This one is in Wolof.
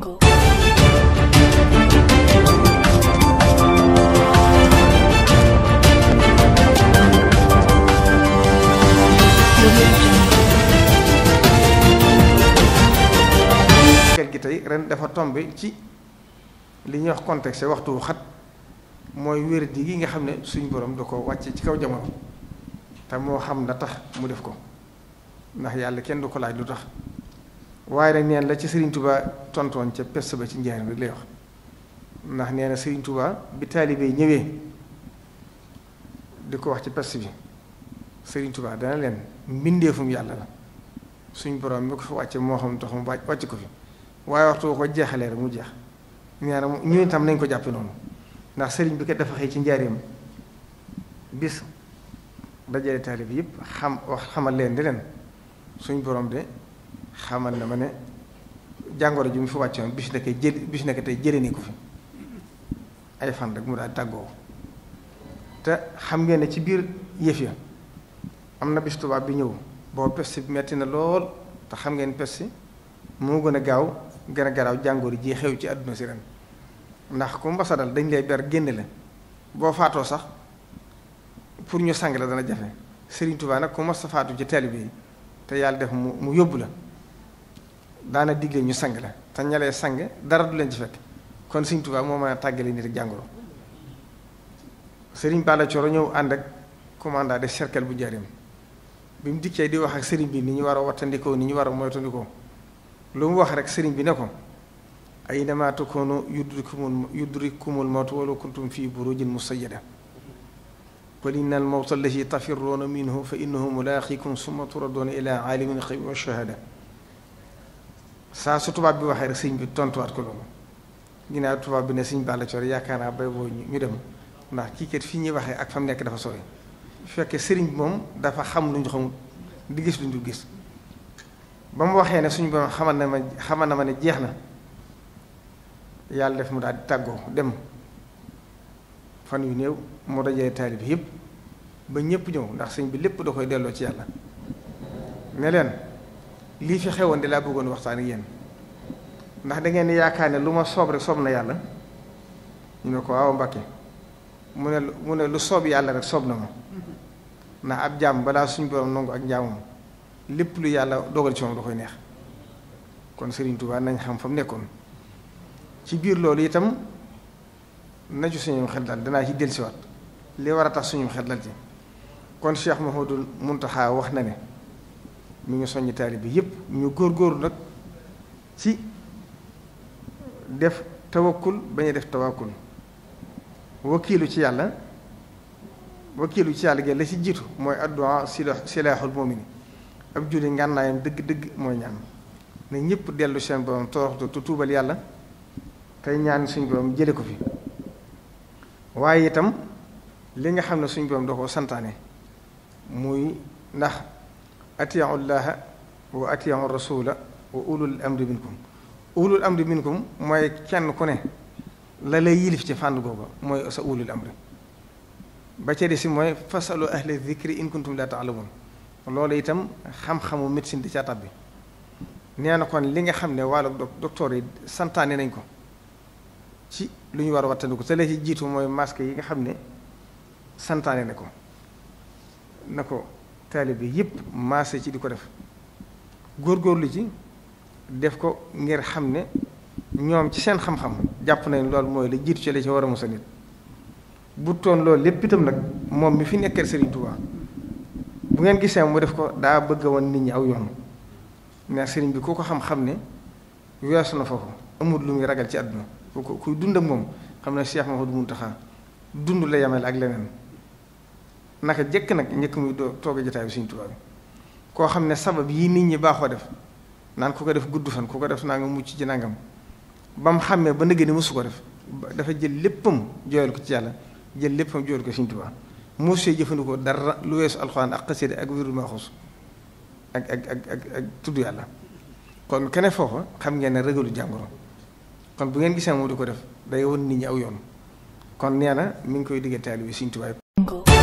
Jungle. gi tey ren dafa tombe ci li ñuy wax contexte waxtu wu xat mooy wér di gi nga xam ne suñ borom du ko wàcce ci kaw jamono te moo xam la tax mu def ko ndax yàlla kenn du ko laaj lu tax waaye nag neen la ci Serigne tubaa tontoon ca pes ba ci njaarim rek lay wax ndax nee na Serigne Touba bi taalibe ñëwee di ko wax ci pest bi Serigne tubaa dana leen mbindeefum yàlla la suñ borom mi ko fi wàcce moo xam tax mu wàcc ko fi waaye waxtu ko jeexalee mu jeex nee na ñu itam nañ ko jàppe noonu ndax Serigne bi ko dafa xëy ci njaarim bis dajale taalibe yëpp xam wax xamal leen di leen suñ boroom de. xamal na ma ne jàngoro ji mu fi wàccoon bis nekkee jël bis nekk tey jëlee ko fi ay fan rek mu daal tàggoo te xam ngeen ne ci biir yëf ya am na bis tubaab bi ñëw boo pesti bi metti na lool te xam ngeen pesti moo gën a gaaw gën a garaaw jàngoor ji xew ci àdduna si ren ndax ku mbasa dal dañ lay ber génne la boo faatoo sax pour ñu sang la dana jafe Serigne Touba nag ku mas a faatu ci taalibe yi te yàlla def mu mu yóbbu la daana digle ñu sang la te sang dara du leen ci fekk kon Sëriñ Tuubaa moo mën a tàggale nit ak jàngoro sëriñ Balla Coro ñëw ànd ak commandant de cercle bu jarim bi mu dikkee di wax ak sëriñ bi ni ñu war a wattandikoo ni ñu war a moytandikoo lu mu wax rek sëriñ bi ne ko aynama takunu yudrikumul yudrikumul mawtu walaw kuntum fii burujin musayyada qul inna al mawta allazi tafirruuna minhu fa innahu mulaaqikum summa turadduuna ila aalimin xaybi wa shahaada saa su tubaab bi waxee rek sëñ bi tontuwaat ko loolu ginnaaw tubaab bi ne sëñ Balla Coor yaakaar naa bay boo ñu dem ndax kii kat fi ñuy waxee ak fa mu nekk dafa sori fekkee sëriñ bi moom dafa xam lu ñu xamul di gis gis ba mu waxee ne suñu borom xamal na ma xamal na ma ne jeex na yàlla def mu daal di tàggoo dem fan yu néew moo dajee taalib yëpp ba ñëpp ñëw ndax sëñ bi lépp da koy delloo ci yàlla ne leen lii fi xewoon di laa bëggoon waxtaan ak yéen ndax da ngeen yaakaar ne lu ma soob rek soob na yàlla ñu ne ko waaw Mbàkke mu ne mu lu soob yàlla rek soob na ma ndax ab jàmm balaa suñ borom nangu ak njaamam lépp lu yàlla dogal ci moom da koy neex kon Serigne Touba nañ xam fa mu nekkoon ci biir loolu itam na suñu xel dal danaa ci dellusiwaat li war a tax suñu xel dal kon Cheikh Mouhamadou Mountakha wax na ne mu ngi soññ taalibe bi yépp ñu góorgóorlu nag ci. def tawakkul bañ a def tawakkul wakiilu ci yàlla wakiilu ci yàlla gi la ci jiitu mooy addu'a silaaxul mu'min ab julli ngànnaayam dëgg-dëgg mooy ñaan ne ñëpp dellu seen borom toroxtu tu tuubal yàlla tey ñaan suñ borom jële ko fi waaye itam li nga xam ne suñ borom da koo santaane muy ndax atiyahu llaha wa atiyahu rasula wa ulul amri minkum ulul amri minkum mooy kenn ku ne la lay yilif ci fànn googu mooy sa ulul amri ba ca si mooy fasalu ahla zikri in kuntum la taalamun loolu itam xam-xamu médecine di caatab bi nee na kon li nga xam ne wàllu docteur yi santaane nañ ko ci lu ñu war a wattandiku te la ci jiitu mooy masque yi nga xam ne santaane na ko na ko taalibe yëpp maase ci di ko def góorgóorlu ci def ko ngir xam ne ñoom ci seen xam-xam jàpp nañ loolu mooy la jiitu ci la ci war a mos nit bu toon loolu lépp itam nag moom mi fi nekkal Serigne Touba bu ngeen gisee mu def ko daa bëgg woon nit ñi aw yoon mais Serigne bi ku ko xam-xam ne weesu na fo amul lu muy ragal ci àdduna ku ko kuy dund ak moom xam ne Cheikh Mouhamadou Mountakha dund la yemel ak leneen naka jëkk nag njëkk muy doo toog jotaay bi Serigne Touba bi koo xam ne sabab yi nit ñi baaxoo def. naan ku ko def gudd fan ku ko def naa nga mucc ci nangam ba mu xàmmee ba nëgë ni mosu ko def dafa jël léppam jooyal ko ci yàlla jël léppam jooyal ko Sëriñ Tuubaa mosee jëfandikoo dara lu weesu alxuraan ak xasida ak wirdu maxuus ak ak ak ak ak tudd yàlla kon kene foofa xam ngeen ne rëgalu jàngoro kon bu ngeen gisee moom di ko def day won nit ñi aw yoon kon nee na mi ngi koy digga taalibe Sëriñ Tuubaa